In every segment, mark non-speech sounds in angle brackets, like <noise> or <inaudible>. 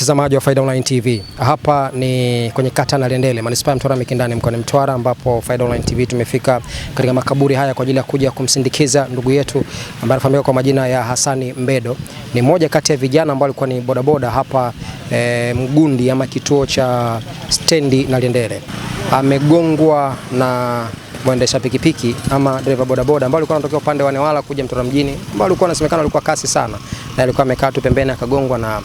Watazamaji wa Faida Online TV, hapa ni kwenye kata Nalendele, manispaa ya Mtwara Mikindani, mkoani Mtwara, ambapo Faida Online TV tumefika katika makaburi haya kwa ajili ya kuja kumsindikiza ndugu yetu ambaye anafahamika kwa majina ya hasani Mbedo. Ni mmoja kati ya vijana ambao alikuwa ni bodaboda hapa e, Mgundi ama kituo cha stendi Nalendele. Amegongwa na mwendesha pikipiki ama dereva bodaboda ambao alikuwa anatokea upande wa Newala kuja Mtwara mjini, ambao alikuwa anasemekana alikuwa kasi sana alikuwa amekaa tu pembeni akagongwa na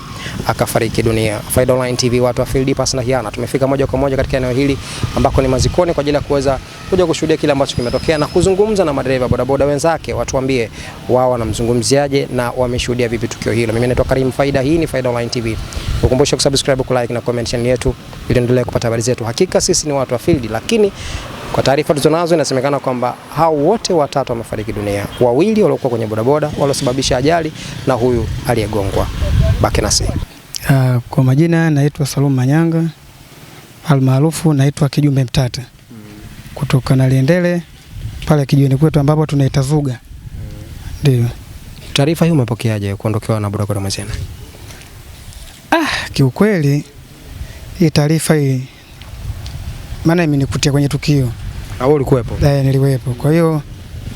akafariki dunia. Faida Online TV, watu wa Field Pass na Hiana, tumefika moja kwa moja katika eneo hili ambako ni mazikoni kwa ajili ya kuweza kuja kushuhudia kile ambacho kimetokea na kuzungumza na madereva bodaboda wenzake, watuambie wao wanamzungumziaje na wameshuhudia vipi tukio hilo. Mimi naitwa Karim Faida, hii ni Faida Online TV. Ukumbushe kusubscribe, kulike na comment channel yetu ili endelee kupata habari zetu. Hakika sisi ni watu wa field, lakini kwa taarifa tulizonazo inasemekana kwamba hao wote watatu wamefariki dunia, wawili waliokuwa kwenye bodaboda waliosababisha ajali na huyu aliyegongwa. Baki nasi. Uh, kwa majina naitwa Salum Manyanga almaarufu naitwa Kijumbe Mtata kutoka Naliendele pale kijiweni kwetu ambapo tunaita Zuga. Ndio. Taarifa hii umepokeaje kuondokewa na bodaboda mwenzenu? Ah, kiukweli hii taarifa hii maana imenikutia kwenye tukio au ulikuwepo? Eh, niliwepo. Kwa hiyo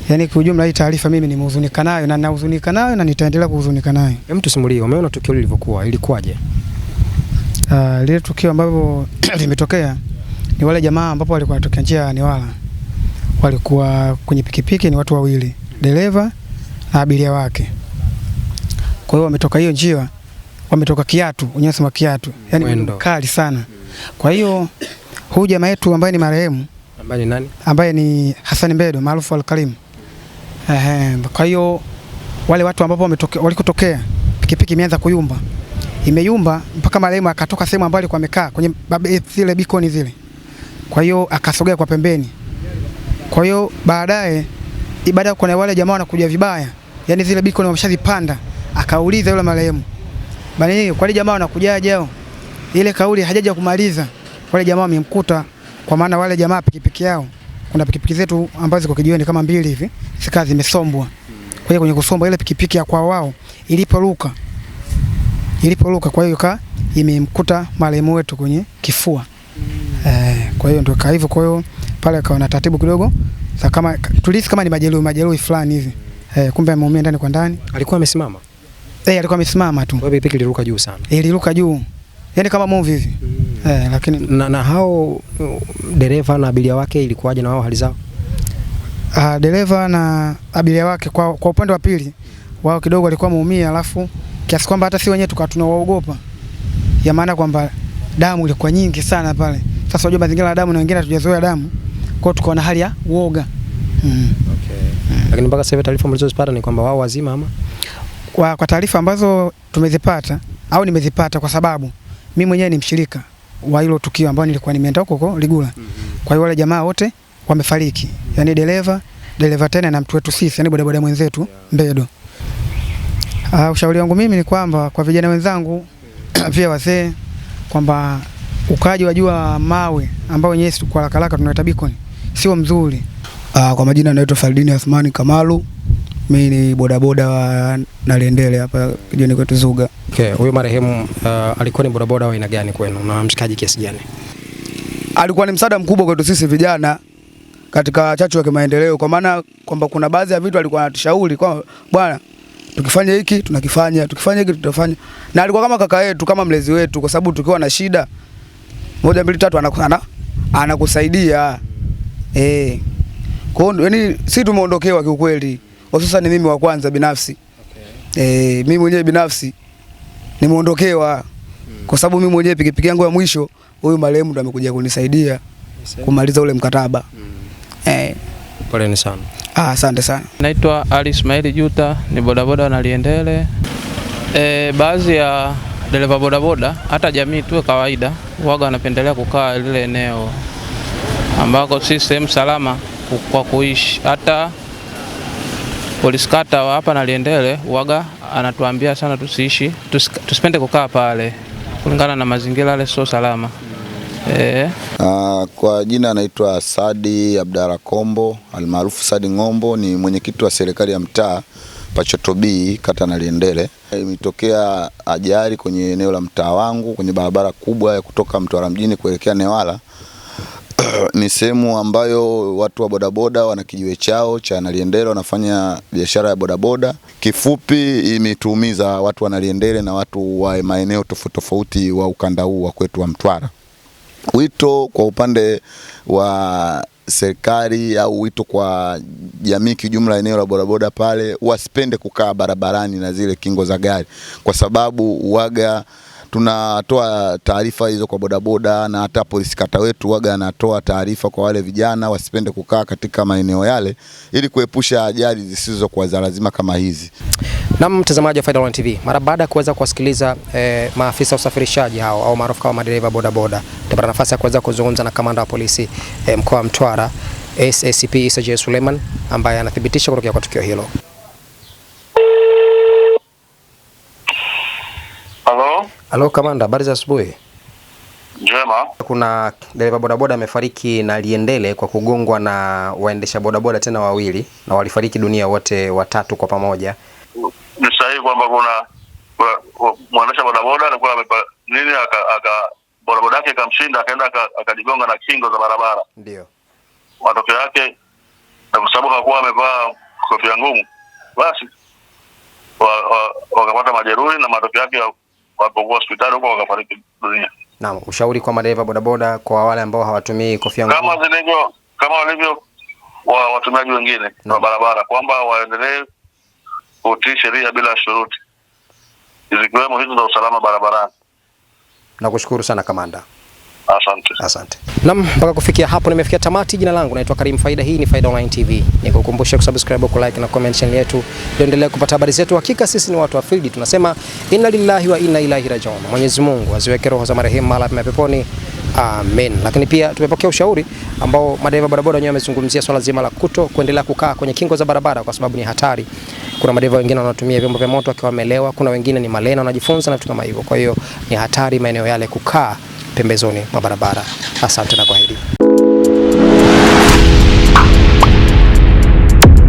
yani kwa ujumla hii taarifa mimi nimehuzunika nayo na ninahuzunika nayo na nitaendelea kuhuzunika nayo. Hem, tusimulie, umeona tukio lilivyokuwa, ilikuwaje? Uh, lile tukio ambapo <clears throat> limetokea ni wale jamaa ambapo walikuwa wanatokea njia ya Newala, walikuwa kwenye pikipiki, ni watu wawili, dereva na abiria wake. Kwa hiyo wametoka hiyo njia, wametoka kiatu, unyasema kiatu, yani kali sana. Kwa hiyo huyu jamaa yetu ambaye ni marehemu ambaye ni nani? Ambaye ni Hassan Mbedo maarufu Alkarim. Ehe, kwa hiyo wale watu ambao wametokea walikotokea pikipiki imeanza kuyumba, imeyumba mpaka marehemu akatoka sehemu ambayo alikuwa amekaa kwenye eh, zile bikoni zile, kwa hiyo akasogea kwa pembeni. Kwa hiyo baadaye ibada, kuna wale jamaa wanakuja vibaya, yani zile bikoni wameshazipanda, akauliza yule marehemu bani, kwa ile jamaa wanakujaje hao? Ile kauli hajaja kumaliza, wale jamaa wamemkuta kwa maana wale jamaa pikipiki yao, kuna pikipiki zetu ambazo ziko kijiweni kama mbili hivi, zikawa zimesombwa. Kwa hiyo kwenye kusombwa ile pikipiki ya kwa wao iliporuka, iliporuka, kwa hiyo ka imemkuta marehemu wetu kwenye kifua eh, kwa hiyo ndio kaivyo. Kwa hiyo pale na taratibu kidogo za kama tulisi kama ni majeruhi majeruhi fulani hivi eh, kumbe ameumia ndani kwa ndani. Alikuwa amesimama eh, alikuwa amesimama tu, kwa hiyo pikipiki iliruka juu sana, iliruka juu yani kama movie hivi mm eh, lakini na, na hao uh, dereva na abiria wake ilikuwaje na wao hali zao? Uh, dereva na abiria wake kwa, kwa upande wa pili wao kidogo walikuwa muumia, alafu kiasi kwamba hata si wenyewe tukawa tunawaogopa, ya maana kwamba damu ilikuwa nyingi sana pale. Sasa unajua mazingira ya damu na wengine hatujazoea damu, kwao tukawa na hali ya uoga mm. Okay. Mm. Lakini mpaka sasa taarifa mlizozipata ni kwamba wao wazima ama kwa, kwa taarifa ambazo tumezipata au nimezipata, kwa sababu mimi mwenyewe ni mshirika wa hilo tukio ambao nilikuwa nimeenda huko Ligula. Mhm. Kwa hiyo wale jamaa wote wamefariki, yani dereva, dereva tena na mtu wetu sisi, yani bodaboda mwenzetu Mbedo. Uh, ushauri wangu mimi ni kwamba kwa vijana wenzangu <clears throat> pia wazee kwamba ukaji wa jua mawe ambao wenyewe kwa lakalaka tunaita beacon sio mzuri. Uh, kwa majina naitwa Faldini Athmani Kamalu. Mimi ni bodaboda wa Nalendele hapa kijini kwetu Zuga. Okay, huyo marehemu uh, alikuwa ni bodaboda wa aina gani kwenu na mshikaji kiasi gani? Alikuwa ni msaada mkubwa kwetu sisi vijana katika chachu ya kimaendeleo, kwa maana kwamba kuna baadhi ya vitu alikuwa anatushauri kwa bwana, tukifanya hiki tunakifanya, tukifanya hiki tutafanya, na alikuwa kama kaka yetu, kama mlezi wetu, kwa sababu tukiwa na shida moja mbili tatu anakana anakusaidia eh. Kwa hiyo yani, si tumeondokewa kiukweli hususani mimi wa kwanza binafsi okay. E, mimi mwenyewe binafsi nimeondokewa hmm. kwa sababu mimi mwenyewe pikipiki yangu ya mwisho huyu marehemu ndo amekuja kunisaidia kumaliza ule mkataba hmm. E. Poleni sana. Ah, asante sana. Naitwa Ali Ismail Juta, ni bodaboda Liendele. E, eh, baadhi ya dereva bodaboda hata jamii tu kawaida waga wanapendelea kukaa lile eneo ambako si sehemu salama kwa kuishi, hata polisi kata wa hapa na Liendele waga anatuambia sana tusiishi tusipende kukaa pale kulingana na mazingira yale sio salama. E. kwa jina anaitwa Sadi Abdara Kombo almaarufu Sadi Ng'ombo, ni mwenyekiti wa serikali ya mtaa pachotobii kata na Liendele. Imetokea ajali kwenye eneo la mtaa wangu kwenye barabara kubwa ya kutoka Mtwara mjini kuelekea Newala ni sehemu ambayo watu wa bodaboda wana kijiwe chao cha Naliendele, wanafanya biashara ya bodaboda. Kifupi, imetuumiza watu wa Naliendele na watu wa maeneo tofauti tofauti wa ukanda huu wa kwetu wa Mtwara. Wito kwa upande wa serikali au wito kwa jamii kijumla, eneo la bodaboda pale wasipende kukaa barabarani na zile kingo za gari, kwa sababu waga tunatoa taarifa hizo kwa bodaboda na hata polisi kata wetu waga anatoa taarifa kwa wale vijana wasipende kukaa katika maeneo yale ili kuepusha ajali kwa za lazima kama hizi. Na mtazamaji wa Faida Online TV, mara baada ya kuweza kuwasikiliza eh, maafisa usafirishaji hao au maarufu kama madereva bodaboda, tutapata nafasi ya kuweza kuzungumza na kamanda wa polisi eh, mkoa wa Mtwara SACP Isa J. Suleiman ambaye anathibitisha kutokea kwa tukio hilo. Halo. Halo kamanda, habari za asubuhi. Njema. Kuna dereva bodaboda amefariki na Liendele kwa kugongwa na waendesha bodaboda tena wawili na walifariki dunia wote watatu kwa pamoja. Ni sahihi kwamba kuna mwendesha bodaboda alikuwa amepa nini aka, aka bodaboda yake ikamshinda akaenda akajigonga na kingo za barabara. Ndio. Matokeo yake na kwa sababu hakuwa amevaa kofia ngumu basi wakapata wa, wa majeruhi na matokeo yake walipokuwa hospitali huko wakafariki dunia. Naam, ushauri kwa madereva bodaboda, kwa wale ambao hawatumii kofia ngumu kama zilivyo kama walivyo wa watumiaji wengine wa barabara, kwamba waendelee kutii sheria bila shuruti, zikiwemo hizo za usalama barabarani. Nakushukuru sana kamanda. Asante. Asante. Naam, mpaka kufikia hapo nimefikia tamati. Jina langu naitwa Karim Faida, hii ni Faida Online TV. Nikukumbusha kusubscribe, ku like na comment channel yetu, tuendelee kupata habari zetu. Hakika sisi ni watu wa field, tunasema inna lillahi wa inna ilaihi rajiun. Mwenyezi Mungu aziweke roho za marehemu mahala pema peponi. Amen. Lakini pia tumepokea ushauri ambao madereva barabara wenyewe wamezungumzia swala zima la kuto kuendelea kukaa kwenye kingo za barabara kwa sababu ni hatari. Kuna madereva wengine wanatumia vyombo vya moto wakiwa wamelewa, kuna wengine ni malena wanajifunza na vitu kama hivyo. Kwa hiyo ni hatari maeneo yale kukaa pembezoni mwa barabara. Asante na kwaheri.